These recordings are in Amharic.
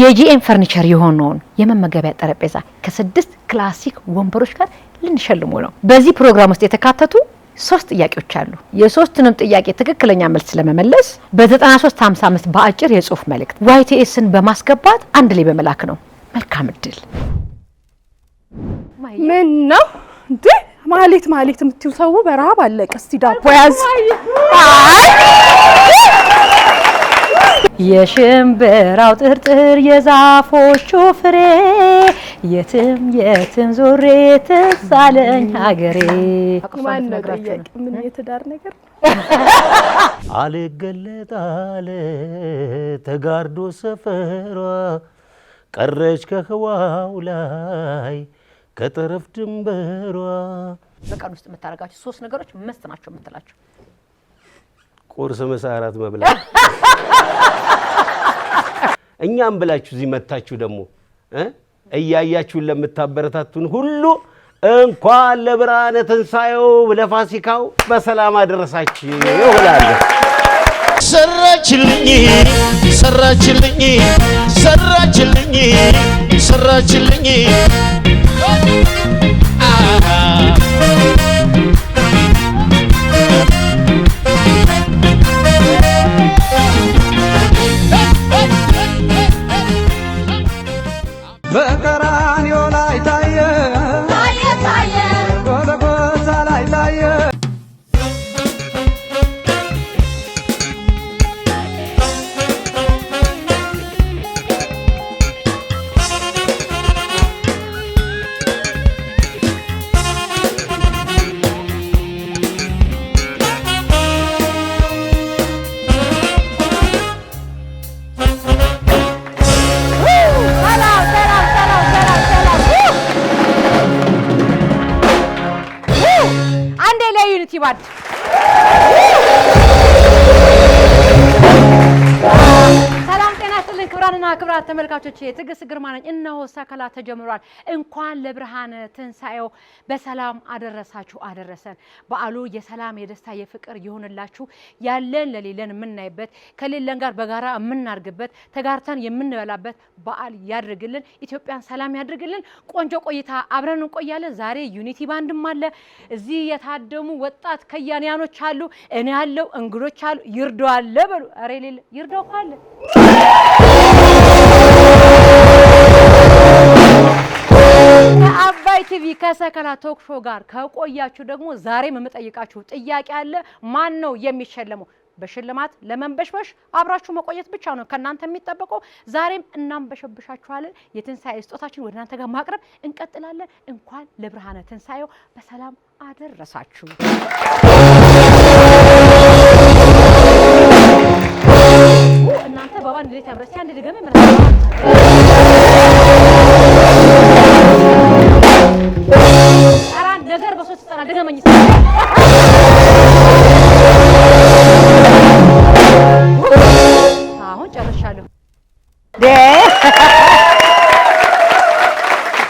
የጂኤም ፈርኒቸር የሆነውን የመመገቢያ ጠረጴዛ ከስድስት ክላሲክ ወንበሮች ጋር ልንሸልሙ ነው። በዚህ ፕሮግራም ውስጥ የተካተቱ ሶስት ጥያቄዎች አሉ። የሶስቱንም ጥያቄ ትክክለኛ መልስ ለመመለስ በ9355 በአጭር የጽሁፍ መልእክት ዋይቲኤስን በማስገባት አንድ ላይ በመላክ ነው። መልካም እድል። ምን ነው እንዴ? ማሌት ማሌት የምትዩ ሰው በረሃብ አለቀ። እስቲ ዳቦ ያዝ የሽምብራው ጥርጥር የዛፎቹ ፍሬ የትም የትም ዞሬ ትዝ አለኝ ሀገሬ። ምን የትዳር ነገር አልገለጥ አለ ተጋርዶ ሰፈሯ ቀረች ከህዋው ላይ ከጠረፍ ድንበሯ። በቀን ውስጥ የምታደርጋቸው ሶስት ነገሮች መስት ናቸው የምትላቸው ቁርስ፣ ምሳ፣ እራት መብላት እኛም ብላችሁ እዚህ መታችሁ ደግሞ እያያችሁን ለምታበረታቱን ሁሉ እንኳን ለብርሃነ ትንሣኤው ለፋሲካው በሰላም አደረሳችሁ እላለሁ። ሰራችልኝ ሰራችልኝ ሰራችልኝ ሰራችልኝ Hey. ክብራንና ክብራት ተመልካቾች የትዕግስት ግርማ ነኝ። እነሆ ሰከላ ተጀምሯል። እንኳን ለብርሃነ ትንሣኤው በሰላም አደረሳችሁ አደረሰን። በዓሉ የሰላም የደስታ የፍቅር ይሆንላችሁ ያለን ለሌለን የምናይበት ከሌለን ጋር በጋራ የምናርግበት ተጋርተን የምንበላበት በዓል ያድርግልን። ኢትዮጵያን ሰላም ያድርግልን። ቆንጆ ቆይታ አብረን እንቆያለን። ዛሬ ዩኒቲ ባንድም አለ። እዚህ የታደሙ ወጣት ከያንያኖች አሉ። እኔ ያለው እንግዶች አሉ። ይርዳዋል በሉ ሬሌል ይርዳው ካለ ከሰከላ ቶክ ሾው ጋር ከቆያችሁ ደግሞ ዛሬም የምጠይቃችሁ ጥያቄ አለ። ማን ነው የሚሸለመው? በሽልማት ለመንበሽበሽ አብራችሁ መቆየት ብቻ ነው ከእናንተ የሚጠበቀው። ዛሬም እናንበሸብሻችኋለን። የትንሣኤ ስጦታችን ወደ እናንተ ጋር ማቅረብ እንቀጥላለን። እንኳን ለብርሃነ ትንሣኤው በሰላም አደረሳችሁ። እናንተ በባንድ ሌት ያምረሲ አንድ ድገም ስትሰራ ደህና አሁን ጨርሻለሁ።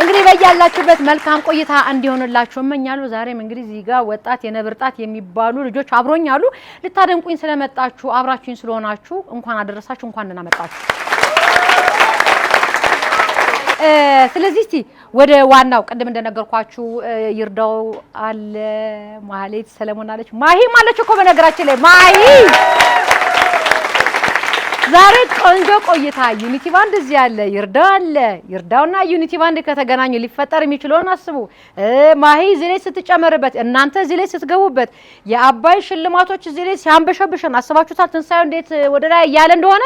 እንግዲህ በያላችሁበት መልካም ቆይታ እንዲሆንላችሁ እመኛለሁ። ዛሬም እንግዲህ እዚህ ጋር ወጣት የነብር ጣት የሚባሉ ልጆች አብሮኛሉ። ልታደንቁኝ ስለመጣችሁ አብራችሁኝ ስለሆናችሁ እንኳን አደረሳችሁ፣ እንኳን እናመጣችሁ። ስለዚህ እስቲ ወደ ዋናው ቅድም እንደነገርኳችሁ ይርዳው አለ፣ ማህሌት ሰለሞን አለች፣ ማሂም አለች እኮ በነገራችን ላይ ማሂ ዛሬ ቆንጆ ቆይታ ዩኒቲ ባንድ እዚህ አለ፣ ይርዳው አለ። ይርዳውና ዩኒቲ ባንድ ከተገናኙ ሊፈጠር የሚችለውን አስቡ። ማሂ እዚህ ላይ ስትጨመርበት፣ እናንተ እዚህ ላይ ስትገቡበት፣ የአባይ ሽልማቶች እዚህ ላይ ሲያንበሸብሸን አስባችሁታል። ትንሳኤው እንዴት ወደ ላይ እያለ እንደሆነ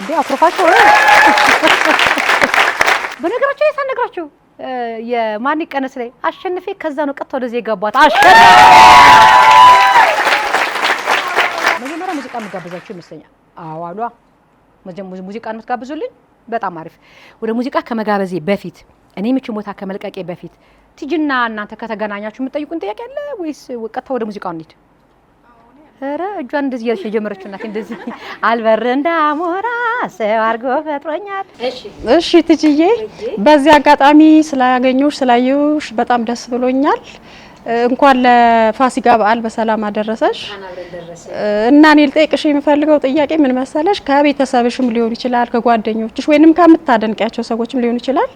እንዴ አኩርፋችሁ በነገራቸው የሳነግራቸው የማን ቀነስ ላይ አሸንፌ ከዛ ነው ቀጥታ ወደዚህ የገባት አሸንፌ መጀመሪያ ሙዚቃ የምጋብዛችሁ ይመስለኛል። አዎ አሏ ሙዚቃን የምትጋብዙልኝ በጣም አሪፍ። ወደ ሙዚቃ ከመጋበዜ በፊት እኔ ምችን ቦታ ከመልቀቄ በፊት ትጅና እናንተ ከተገናኛችሁ የምትጠይቁን ጥያቄ አለ ወይስ ቀጥታ ወደ ሙዚቃው እንሂድ? ኧረ እጇ እንደዚህ ያልሽ ነው የጀመረችው። እናቴ እንደዚህ አልበር እንዳሞራ ሰው አድርጎ ፈጥሮኛል። እሺ ትጅዬ፣ በዚህ አጋጣሚ ስላገኘሁሽ ስላየሁሽ በጣም ደስ ብሎኛል። እንኳን ለፋሲካ በዓል በሰላም አደረሰሽ። እና እኔ ልጠይቅሽ የምፈልገው ጥያቄ ምን መሰለሽ፣ ከቤተሰብሽም ሊሆን ይችላል ከጓደኞችሽ ወይንም ከምታደንቂያቸው ሰዎችም ሊሆን ይችላል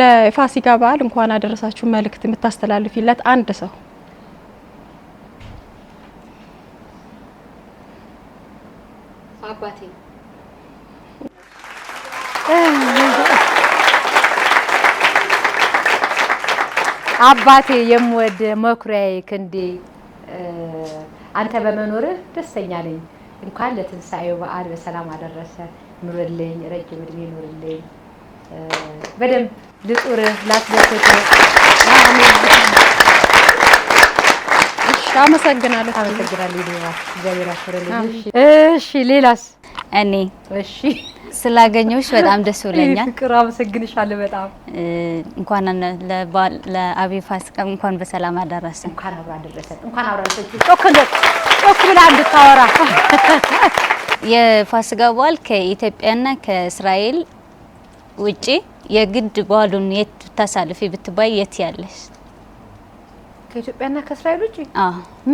ለፋሲካ በዓል እንኳን አደረሳችሁ መልእክት የምታስተላልፊለት አንድ ሰው አባቴ አባቴ የምወድ መኩሪያዬ ክንዴ፣ አንተ በመኖርህ ደስተኛ ነኝ። እንኳን ለትንሳኤው በዓል በሰላም አደረሰ። ኑርልኝ፣ ረጅም ዕድሜ ኑርልኝ። በደንብ ልጡርህ፣ ላስደስትህ አመሰግናለሁ። እሺ፣ ሌላስ? እኔ እሺ፣ ስላገኘሁሽ በጣም ደስ ብለኛል። ፍቅር፣ አመሰግንሻለሁ በጣም እንኳን ለአቤ ፋሲካ እንኳን በሰላም አደረሰ። እንኳን አብራ አደረሰ። እንኳን አብራ ጮክ ብላ እንድታወራ የፋሲካ በዓል ከኢትዮጵያና ከእስራኤል ውጪ የግድ በዓሉን የት ብታሳልፊ ብትባይ የት ያለሽ? ከኢትዮጵያና ከእስራኤል ውጭ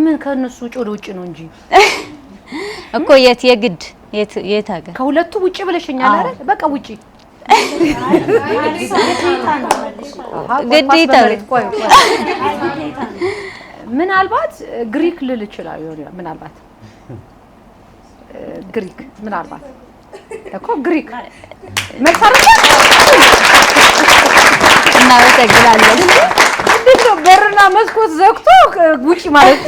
ምን ከነሱ ውጭ ወደ ውጭ ነው እንጂ እኮ የት የግድ የት የት ሀገር ከሁለቱ ውጭ ብለሽኛል አይደል? በቃ ውጭ ምናልባት ግሪክ ልል ይችላል። ምናልባት ግሪክ ምናልባት እኮ ግሪክ መልስ እናመሰግናለን። ምንድነው በርና መስኮት ዘግቶ ውጪ ማለት?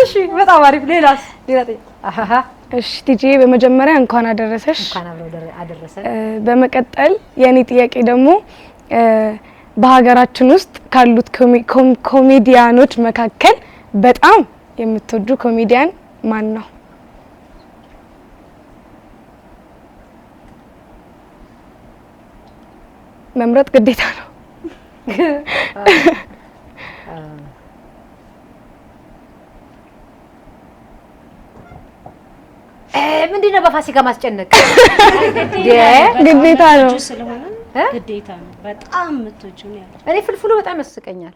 እሺ፣ በጣም አሪፍ። ሌላስ? እሺ ቲጂ በመጀመሪያ እንኳን አደረሰሽ። በመቀጠል የእኔ ጥያቄ ደግሞ በሀገራችን ውስጥ ካሉት ኮሜዲያኖች መካከል በጣም የምትወዱ ኮሜዲያን ማን ነው? መምረጥ ግዴታ ነው። ምንድን ነው በፋሲካ ማስጨነቅ ግዴታ ነው ግዴታ ነው። በጣም የምትወጪው ነው ያለው። እኔ ፍልፍሉ በጣም ያስቀኛል።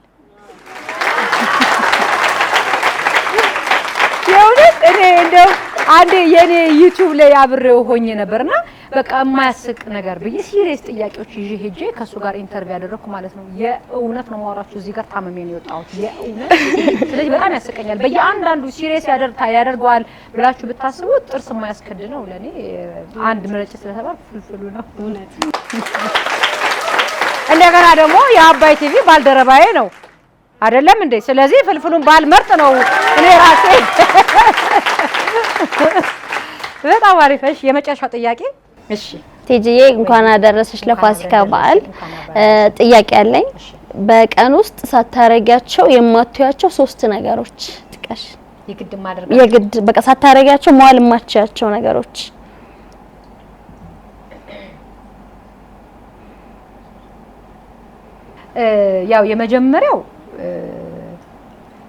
የእውነት እኔ እንደው አንዴ የእኔ ዩቲዩብ ላይ አብሬው ሆኜ ነበርና በቃ የማያስቅ ነገር ብዬ ሲሪየስ ጥያቄዎች ይዤ ሄጄ ከእሱ ጋር ኢንተርቪው ያደረግኩ ማለት ነው። የእውነት ነው የማወራችሁ። እዚህ ጋር ታመሜ ነው የወጣሁት የእውነት። ስለዚህ በጣም ያስቀኛል። በየአንዳንዱ ሲሪየስ ያደርገዋል ብላችሁ ብታስቡት ጥርስ የማያስከድ ነው። ለእኔ አንድ ምረጭ ስለተባል ፍልፍሉ ነው እውነት። እንደገና ደግሞ የአባይ ቲቪ ባልደረባዬ ነው አይደለም እንዴ? ስለዚህ ፍልፍሉን ባልመርጥ ነው እኔ ራሴ። በጣም አሪፍ። እሺ የመጨረሻው ጥያቄ እሺ ቲጂዬ እንኳን አደረሰሽ ለፋሲካ በዓል። ጥያቄ አለኝ። በቀን ውስጥ ሳታረጊያቸው የማትያቸው ሶስት ነገሮች ጥቀሽ። የግድ ማድረግ የግድ በቃ ሳታረጊያቸው መዋል የማትያቸው ነገሮች ያው የመጀመሪያው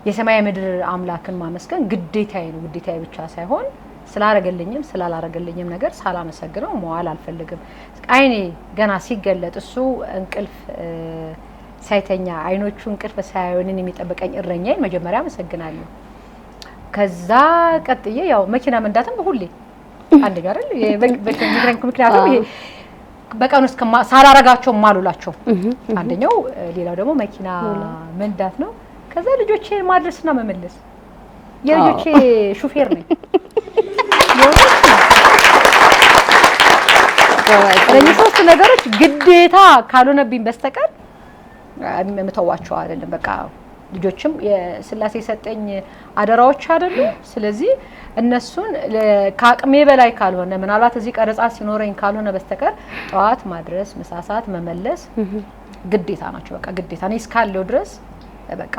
የሰማይ ምድር አምላክን ማመስገን ግዴታዬ ነው። ግዴታዬ ብቻ ሳይሆን ስላረገልኝም ስላላረገልኝም ነገር ሳላመሰግነው መዋል አልፈልግም። አይኔ ገና ሲገለጥ እሱ እንቅልፍ ሳይተኛ አይኖቹ እንቅልፍ ሳያዩንን የሚጠብቀኝ እረኛዬን መጀመሪያ አመሰግናለሁ። ከዛ ቀጥዬ ያው መኪና መንዳትም ሁሌ አንድ ጋር ምክንያቱም በቀን ውስጥ ሳላረጋቸው ማሉላቸው አንደኛው፣ ሌላው ደግሞ መኪና መንዳት ነው። ከዛ ልጆቼ ማድረስና መመለስ የልጆቼ ሹፌር ነኝ። እነዚህ ሶስት ነገሮች ግዴታ ካልሆነብኝ በስተቀር የምተዋቸው አይደለም። በቃ ልጆችም የስላሴ የሰጠኝ አደራዎች አይደሉ። ስለዚህ እነሱን ከአቅሜ በላይ ካልሆነ ምናልባት እዚህ ቀረጻ ሲኖረኝ ካልሆነ በስተቀር ጠዋት ማድረስ፣ ምሳ ሰዓት መመለስ ግዴታ ናቸው። በቃ ግዴታ እኔ እስካለው ድረስ በቃ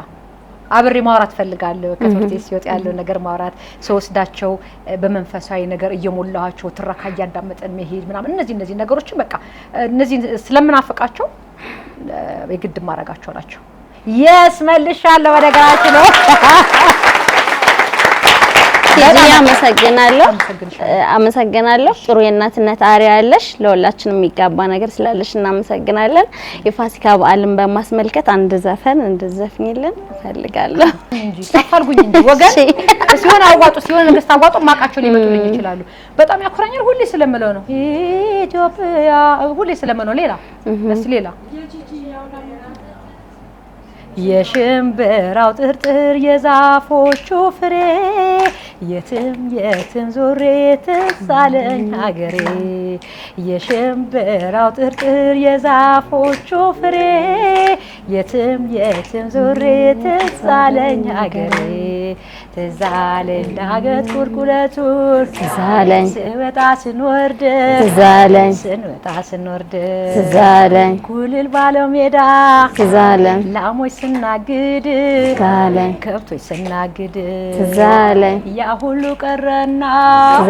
አብሬ ማውራት ፈልጋለሁ። ከትምህርት ቤት ሲወጥ ያለው ነገር ማውራት ስወስዳቸው በመንፈሳዊ ነገር እየሞላኋቸው ትረካ እያዳመጠን መሄድ ምናምን እነዚህ እነዚህ ነገሮችን በቃ እነዚህ ስለምናፈቃቸው የግድ ማድረጋቸው ናቸው። የስ መልሻለሁ ወደ ገራችሁ ነው። አመሰግናለሁ አመሰግናለሁ። ጥሩ የእናትነት አሪያ ያለሽ ለሁላችንም የሚጋባ ነገር ስላለሽ እናመሰግናለን። የፋሲካ በዓልን በማስመልከት አንድ ዘፈን እንድዘፍኝልን እፈልጋለሁ። ታፋልጉኝ እንጂ ወገን ሲሆን አዋጡ ሲሆን ማቃቸው ሊመጡልኝ ይችላሉ። በጣም ያኮራኛል። ሁሌ ስለምለው ነው ኢትዮጵያ፣ ሁሌ ስለምለው ሌላ ሌላ የሽምብራው ጥርጥር የዛፎቹ ፍሬ የትም የትም ዞሬ ትዝ አለኝ ሀገሬ። የሽምብራው ጥርጥር የዛፎቹ ፍሬ የትም የትም ዞሬ ትዝ አለኝ ሀገሬ ትዝ አለኝ ለሀገር ቁልቁለቱን ትዝ አለኝ ስወጣ ስንወርድ ትዝ ስንወጣ ስንወርድ ትዝ ኩልል ባለው ሜዳ ትዝ ላሞች ስናግድ ትዝ ከብቶች ስናግድ ትዝ ያ ሁሉ ቀረና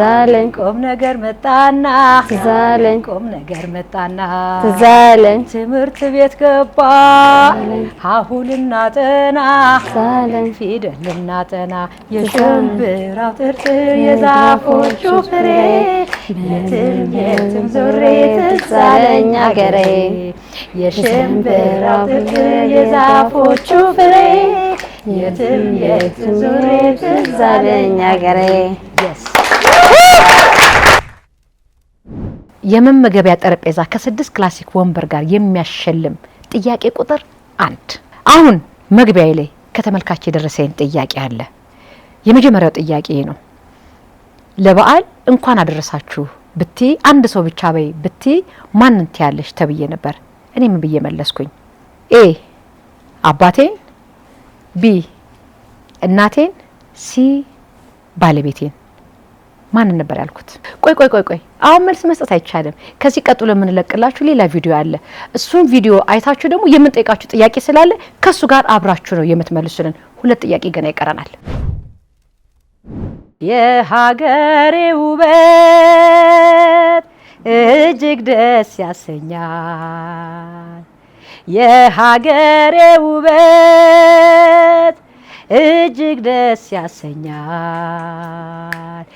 ትዝ ቆም ነገር መጣና ትዝ አለኝ ቆም ነገር መጣና ትዝ ትምህርት ቤት ገባ ሀሁ ልናጠና ፊደል ልናጠና የሽምብራው ጥርጥር የዛፎቹ ፍሬ የትም የትም ዞሬ አገሬ የሽምብራው ጥርጥር የዛፎቹ ፍሬ የትም የትም ዞሬ አገሬ የመመገቢያ ጠረጴዛ ከስድስት ክላሲክ ወንበር ጋር የሚያሸልም ጥያቄ ቁጥር አንድ አሁን መግቢያ ላይ ከተመልካች የደረሰኝ ጥያቄ አለ። የመጀመሪያው ጥያቄ ነው። ለበዓል እንኳን አደረሳችሁ ብቴ አንድ ሰው ብቻ በይ ብቴ ማንን ትያለሽ ተብዬ ነበር። እኔ ምን ብዬ መለስኩኝ? ኤ አባቴን፣ ቢ እናቴን፣ ሲ ባለቤቴን። ማንን ነበር ያልኩት? ቆይ ቆይ ቆይ ቆይ፣ አሁን መልስ መስጠት አይቻልም። ከዚህ ቀጥሎ የምንለቅላችሁ ሌላ ቪዲዮ አለ። እሱን ቪዲዮ አይታችሁ ደግሞ የምንጠይቃችሁ ጥያቄ ስላለ ከእሱ ጋር አብራችሁ ነው የምትመልሱልን። ሁለት ጥያቄ ገና ይቀረናል። የሀገሬ ውበት እጅግ ደስ ያሰኛል። የሀገሬ ውበት እጅግ ደስ ያሰኛል።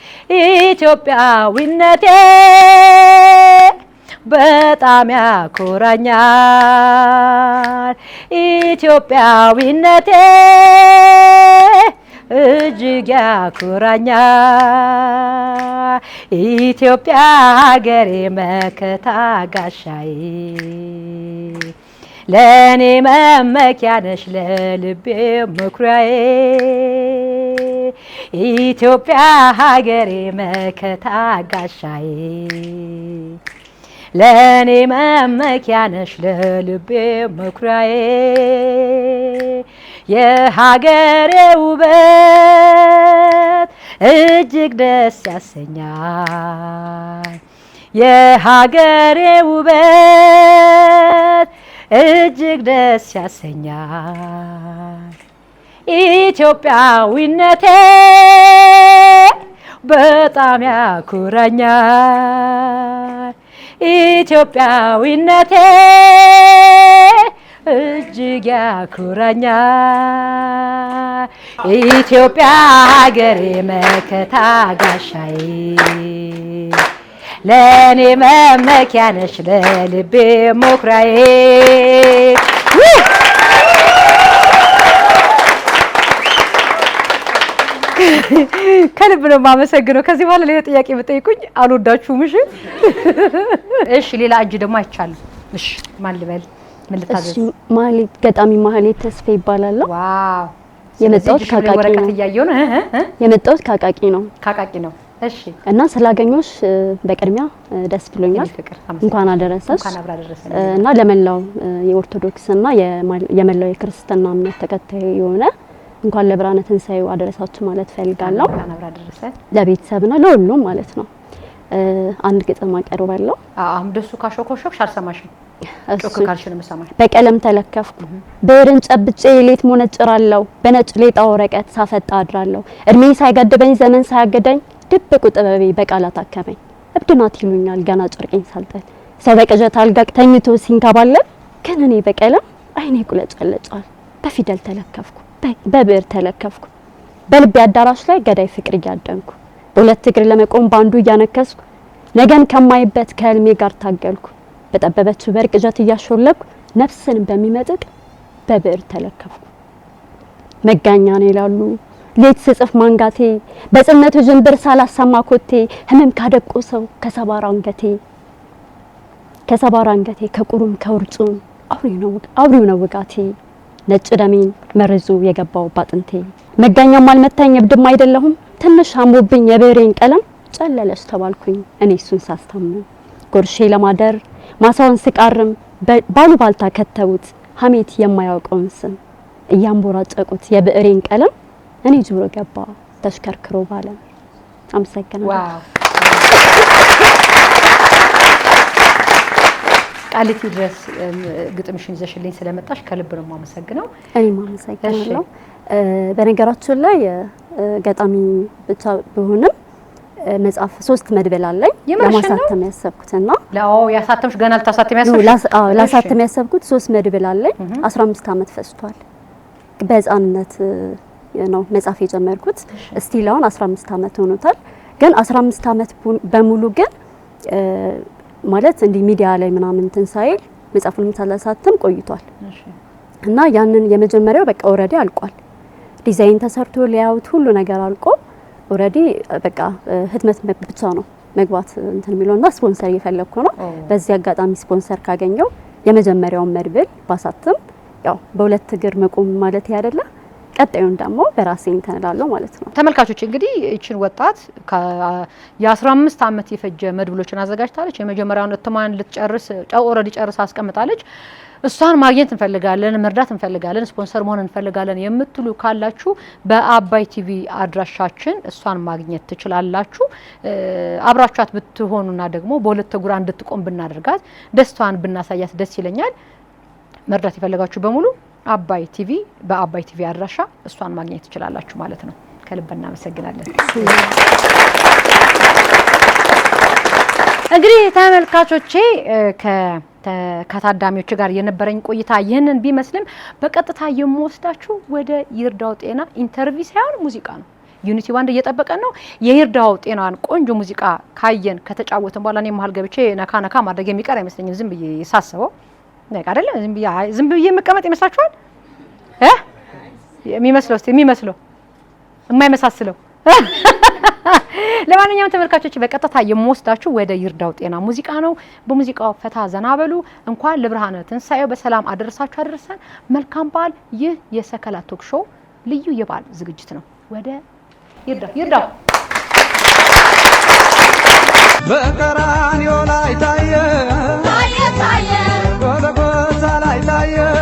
ኢትዮጵያዊነቴ በጣም ያኮራኛል። ኢትዮጵያዊነቴ እጅጊያ ኩራኛ ኢትዮጵያ ሀገሬ መከታ ጋሻዬ ለእኔ መመኪያ ነሽ ለልቤ መኩሪያዬ ኢትዮጵያ ሀገሬ መከታ ጋሻዬ ለእኔ መመኪያ ነሽ ለልቤ መኩሪያዬ የሀገሬ ውበት እጅግ ደስ ያሰኛል። የሀገሬ ውበት እጅግ ደስ ያሰኛል። ኢትዮጵያዊነቴ በጣም ያኩራኛል። ኢትዮጵያዊነቴ እጅግ ያኩራኛል። ኢትዮጵያ ሀገሬ መከታ ጋሻዬ ለእኔ መመኪያ ነሽ ለልቤ ሞክራዬ ከልብ ነው የማመሰግነው። ከዚህ በኋላ ሌላ ጥያቄ ብጠይቁኝ አልወዳችሁም። እሺ። ሌላ እጅ ደግሞ አይቻልም። እሺ ማን ልበል? ማህሌት ገጣሚ ማህሌት ተስፋ ይባላል። ዋው የመጣሁት ካቃቂ ነው። እያየሁ ነው። የመጣሁት ካቃቂ ነው። ካቃቂ ነው። እሺ እና ስላገኘሁሽ በቅድሚያ ደስ ብሎኛል። እንኳን አደረሰሽ እና ለመላው የኦርቶዶክስ እና የመላው የክርስትና እምነት ተከታይ የሆነ እንኳን ለብርሃነ ትንሳኤው አደረሳችሁ ማለት ፈልጋለሁ። ለቤተሰብ ለሁሉም ማለት ነው። አንድ ግጥም አቀርባለሁ። ደሱ ካሾኮሾብሽ አልሰማሽም፣ ካልሽ በቀለም ተለከፍኩ ብዕርን ጨብጬ ሌት ሞነጭራለሁ፣ በነጭ ሌጣ ወረቀት ሳፈጣ አድራለሁ። እድሜ ሳይገድበኝ ዘመን ሳያገደኝ ድብቁ ጥበቤ በቃላት አከመኝ። እብድናት ይሉኛል ገና ጨርቄን ሳልጠል ሰው በቅዠት አልጋቅ ተኝቶ ሲንከባለል፣ ግን እኔ በቀለም አይኔ ቁለጨለጫል። በፊደል ተለከፍኩ፣ በብዕር ተለከፍኩ፣ በልቤ አዳራሽ ላይ ገዳይ ፍቅር እያደንኩ በሁለት እግር ለመቆም በአንዱ እያነከስኩ ነገን ከማይበት ከህልሜ ጋር ታገልኩ። በጠበበችው በርቅ እጀት እያሾለኩ ነፍስን በሚመጥቅ በብዕር ተለከፍኩ። መጋኛ ነው ይላሉ ሌት ስጽፍ ማንጋቴ በጽነቱ ጅንብር ሳላሰማ ኮቴ ህመም ካደቆ ሰው ከሰባራ አንገቴ ከሰባራ አንገቴ ከቁሩም ከውርጩም አውሬው ነው ውጋቴ ነጭ ደሜን መርዙ የገባው ባጥንቴ መጋኛም አልመታኝ እብድም አይደለሁም ትንሽ አሞብኝ የበሬን ቀለም ጨለለች ተባልኩኝ። እኔ እሱን ሳስታምነው ጎርሼ ለማደር ማሳውን ስቃርም ባሉ ባልታ ከተቡት ሀሜት የማያውቀውን ስም እያንቦራጨቁት የብዕሬን ቀለም እኔ ጆሮ ገባ ተሽከርክሮ ባለ። አመሰግናለሁ። ቃሊቲ ድረስ ግጥምሽን ይዘሽልኝ ስለመጣሽ ከልብ ነው የማመሰግነው። እኔም አመሰግናለሁ። በነገራችን ላይ ገጣሚ ብቻ ብሆንም መጽሐፍ ሶስት መድበል አለኝ ለማሳተም ያሰብኩትና ያሳተምሽ ገና ልታሳተም ያሰብኩት ላሳተም ያሰብኩት ሶስት መድበል አለኝ። 15 ዓመት ፈስቷል በህፃንነት ነው መጽሐፍ የጀመርኩት። እስቲል አሁን 15 ዓመት ሆኖታል። ግን 15 አመት በሙሉ ግን ማለት እንዲህ ሚዲያ ላይ ምናምን ትንሳኤል መጽሐፉንም ሳላሳተም ቆይቷል እና ያንን የመጀመሪያው በቃ ወረዴ አልቋል። ዲዛይን ተሰርቶ ሊያዩት ሁሉ ነገር አልቆ ኦልሬዲ በቃ ህትመት ብቻ ነው መግባት እንትን የሚለውና ስፖንሰር እየፈለግኩ ነው። በዚህ አጋጣሚ ስፖንሰር ካገኘው የመጀመሪያውን መድብል ባሳትም ያው በሁለት እግር መቆም ማለት ያደለ ቀጣዩን ደግሞ በራሴ እንተንላለሁ ማለት ነው። ተመልካቾች እንግዲህ ይችን ወጣት የ15 ዓመት የፈጀ መድብሎችን አዘጋጅታለች። የመጀመሪያውን እትሟን ልትጨርስ ኦልሬዲ ጨርስ አስቀምጣለች። እሷን ማግኘት እንፈልጋለን፣ መርዳት እንፈልጋለን፣ ስፖንሰር መሆን እንፈልጋለን የምትሉ ካላችሁ በአባይ ቲቪ አድራሻችን እሷን ማግኘት ትችላላችሁ። አብራቿት ብትሆኑና ደግሞ በሁለት እግሯ እንድትቆም ብናደርጋት ደስታዋን ብናሳያት ደስ ይለኛል። መርዳት የፈለጋችሁ በሙሉ አባይ ቲቪ በአባይ ቲቪ አድራሻ እሷን ማግኘት ትችላላችሁ ማለት ነው። ከልብ እናመሰግናለን። እንግዲህ ተመልካቾቼ ከታዳሚዎች ጋር የነበረኝ ቆይታ ይህንን ቢመስልም በቀጥታ የምወስዳችሁ ወደ ይርዳው ጤና ኢንተርቪ ሳይሆን ሙዚቃ ነው። ዩኒቲ ባንድ እየጠበቀን ነው። የይርዳው ጤናን ቆንጆ ሙዚቃ ካየን ከተጫወትን በኋላ እኔ መሀል ገብቼ ነካ ነካ ማድረግ የሚቀር አይመስለኝም። ዝም ብዬ ሳስበው ዝም ብዬ መቀመጥ ይመስላችኋል? የሚመስለው ስ የሚመስለው የማይመሳስለው ለማንኛውም ተመልካቾች በቀጥታ የምወስዳችሁ ወደ ይርዳው ጤና ሙዚቃ ነው። በሙዚቃው ፈታ ዘና እንኳን ለብርሃነ ትንሳኤው በሰላም አደረሳችሁ አደረሰን። መልካም በዓል። ይህ የሰከላ ቶክ ሾው ልዩ የበዓል ዝግጅት ነው። ወደ ይርዳው ይርዳው በቀራንዮ ላይ ታየ ታየ ታየ